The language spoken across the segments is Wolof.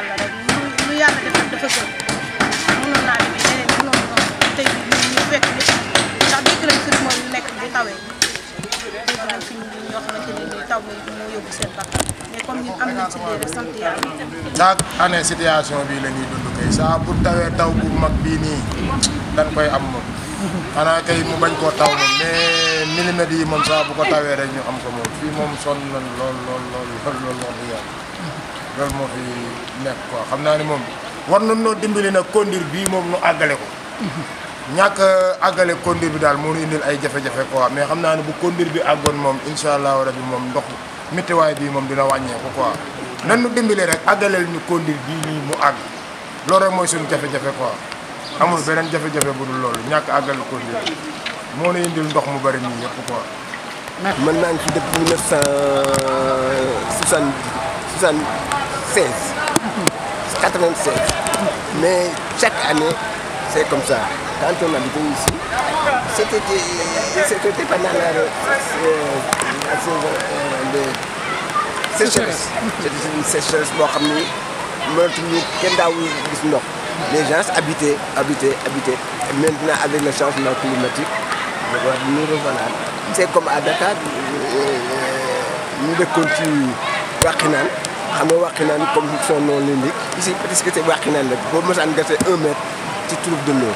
yàlla rek lu yàlla def dafa gën mënoon naa demee leneen mënoon ko tey ñu fekk lépp ndax dégg nañ fi mooy nekk bu tawee dégg nañ fi ñoo xamante ne nii taw bi moo yóbbu seen bakkan mais comme ñun am nañ ci dee rek sant yàlla. chaque année situation bii la ñuy dund kay saa bu tawee taw bu mag bii nii dañ koy am moom. xanaa kay mu bañ koo taw moom mais millimètres yi moom saa bu ko tawee rek ñu am ko moom fii moom sonn nañ lool lool lool lool lool wax dëgg yàlla. loolu moo fi nekk quoi xam naa ne moom war nañ noo dimbali nag conduire bii moom nu àggale ko ñàkk àggale conduire bi daal moo nu indil ay jafe-jafe quoi mais xam naa bu conduire bi àggoon moom incha allahu rabi moom ndox météwaay bii moom dina wàññeeku quoi nan nu dimbali rek àggaleel ñu conduire bii nii mu àgg loolu rek suñu jafe-jafe quoi amul beneen jafe-jafe bu dul loolu ñàkk àggale conduire bi nu indil ndox mu bari nii yëpp quoi man naa ngi depuis 1960 96. 96. Mais chaque année, c'est comme ça. Quand on habitait ici, c'était pendant la, euh, euh, sécheresse. C'était une sécheresse, pour les gens habitaient, habitaient, habitaient. Et maintenant, avec le changement climatique, nous revenons. C'est comme à Dakar, euh, nous continuons xam nga wàqinaan comme son nom l'indique ici parce que c'est wàqinaan rek boo mosaan gase un mètre tu trouves de l'eau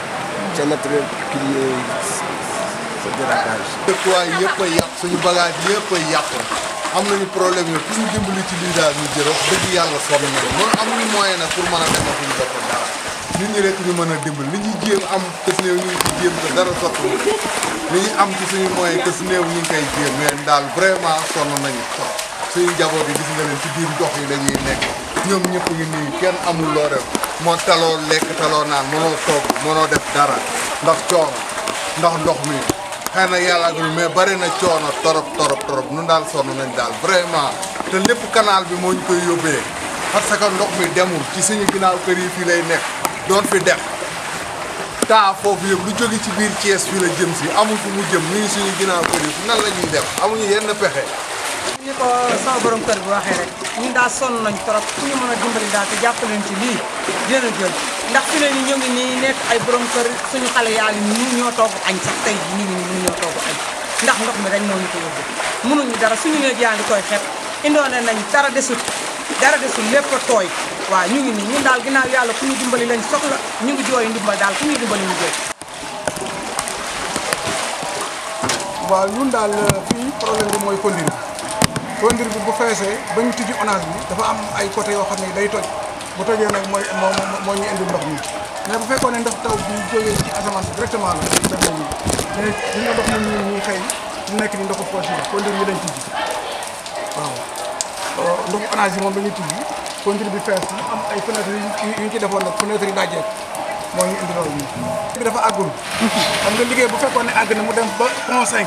c'est notre pilier ce dérapage dëkkuwaay yëpp a suñu bagage yëpp a yàq am nañu problème yi pour ñu ci lii daal ñu jël wax dëgg yàlla sonn nañu mën amuñu moyen nag pour a demal suñu bopp dara nit ñi ñu mën a dimbali li ñuy jéem am kës néew ñu ngi ci jéem te dara sotti li ñu am ci suñu moyen kës néew ñu ngi koy jéem mais daal vraiment sonn nañu suñu njaboot yi gis nga leen ci biir ndox yi la nekk ñoom ñëpp ngi nii kenn amul loo def moo taloo lekk taloo naan mënoo toog mënoo def dara ndax coono ndax ndox mi xëy na yàlla agul mais bari na coono torop torop torop nun daal sonn nañ daal vraiment te lépp kanaal bi moo ñu koy yóbbee parce que ndox mi demul ci suñu ginnaaw kër yi fii lay nekk doon fi def taa foofu yëpp lu jóge ci biir Thiès fii la jëm si amul fu mu jëm ñu ngi suñu ginnaaw kër yi nan la ñuy def amuñu yenn pexe ni ko sama borom kër daa sonn nañ trop ku ñu a dimbali daal te jàpp leen ci lii dina ndax fi ne ni ngi nii borom suñu xale yaa ñoo togg añ sax tey ji ñu ngi nii ñoo togg añ ndax ndox nañ dara desut dara desul lépp a waaw ñu ngi nii ñun daal ginnaaw yàlla ku ñu dimbali lañ soxla ñu ngi jooy ndimbal daal ku ñu dimbali ñu jooy waaw ñun daal fii problème bi mooy conduite tondir bi bu feesee bañ tijji onage bi dafa am ay côté yoo xam ne day toj bu tojee nag mooy moo moo ñu indi ndox mi mais bu fekkoon ne ndox taw bi jógee ci asamaan directement la def nañ nii ndox ñun ñun ñuy ñu nekk ni ndoxu poche yi tondir yi dañ tijji waaw euh, ndoxu onage yi moom dañuy tijji tondir bi fees mu am ay fenêtre yu ñu ci defoon nag fenêtre yi dajeek mooy ñu indi loolu bi dafa àggul xam nga liggéey bu fekkoon ne àgg na mu dem ba pont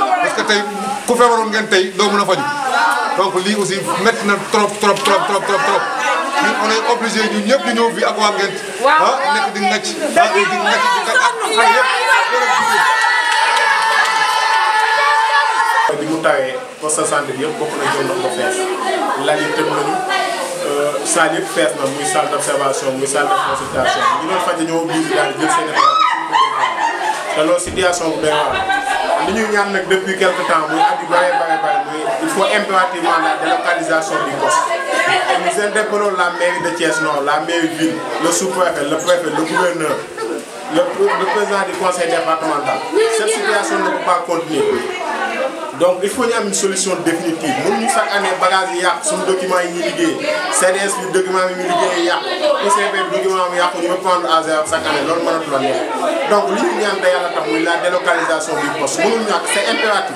parce que tay a donc li aussi que na trop trop trop trop trop on est obligé ak d'observation muy de ñu jël situation nous avons ñaan depuis quelque temps il faut impérativement la délocalisation du poste et nous interpellons la mairie de Thiès Nord la mairie de ville le sous-préfet le préfet le gouverneur le, le président du conseil départemental cette situation ne peut pas continuer donc il faut y avoir une solution définitive Nous, mënuñu chaque année bagage yi sur suñu documents yi ñuy liggéey CDS bi document yi Et c'est yàqu UCB bi document bi qu'on va prendre à zéro chaque année loolu mënatul a nekk donc nous, ñu ñaan da yàlla tax la délocalisation du poste Nous, mënul ñàkk c'est impératif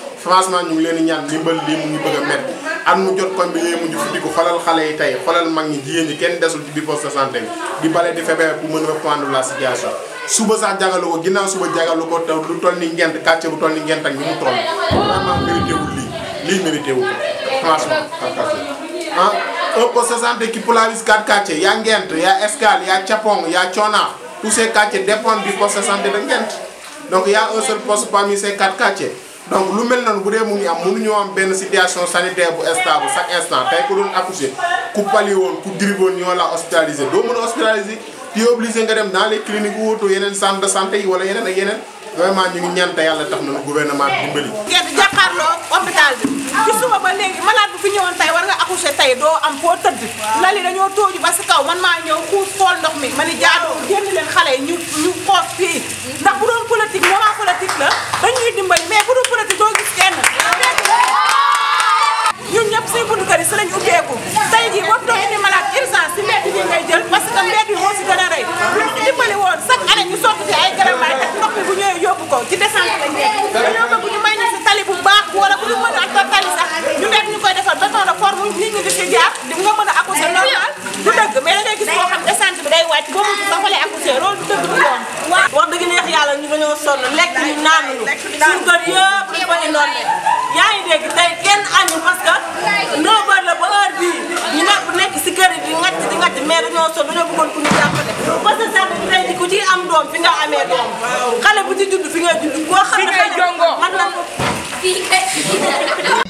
franchement ñu ngi leen di ñaan ndimbal lii mu ngi bëgg a métti at mu jot koñ bi ñooy mujj futti ko xolal xale yi tey xolal mag ñi jigéen ñi kenn desul ci biir poste de santé di bale di feebar pour mën a reprendre la situation suba sax jagalu ko ginnaaw suba jagalu ko te lu toll ni ngent kàcce bu toll ni ngent ak ñu mu toll vraiment mérité wul lii lii mérité wul franchement ah un poste de santé qui polarise quatre quartiers yaa ngent yaa Escale yaa Thiapong yaa Thionna tous ces quartiers a un seul donc lu mel noonu bu dee mu ngi am mënuñoo am benn situation sanitaire bu stable chaque instant tey ku doon accouché ku pali ku grippe woon ñoo la doo mën a hospitalisé tu nga dem dans les cliniques wóoto yeneen centre de wala yeneen ak yeneen vraiment ñu ni ñaan yàlla tax na gouvernement bi dimbali. ngeen jàkkaarloo hôpital bi ci suba ba léegi malade bu fi ñëwoon tey war nga accouché tey doo am foo tëdd lali dañoo tooju ba si kaw man maa ñëw xuus xool ndox mi ma ni jaadoo génn leen xale yi ñu ñu xoos dañoo sonn lekk ñu naan ñu suñ yëpp dañ ko indoon yaa kenn añu parce que bër la ba bii ñu nekk nekk si kër yi di ngacc di ngacc mais dañoo sonn dañoo ku ñu jàppale parce que sax tey di ku ci am doom fi nga amee doom xale bu ci judd fi nga judd boo xam ne man la fii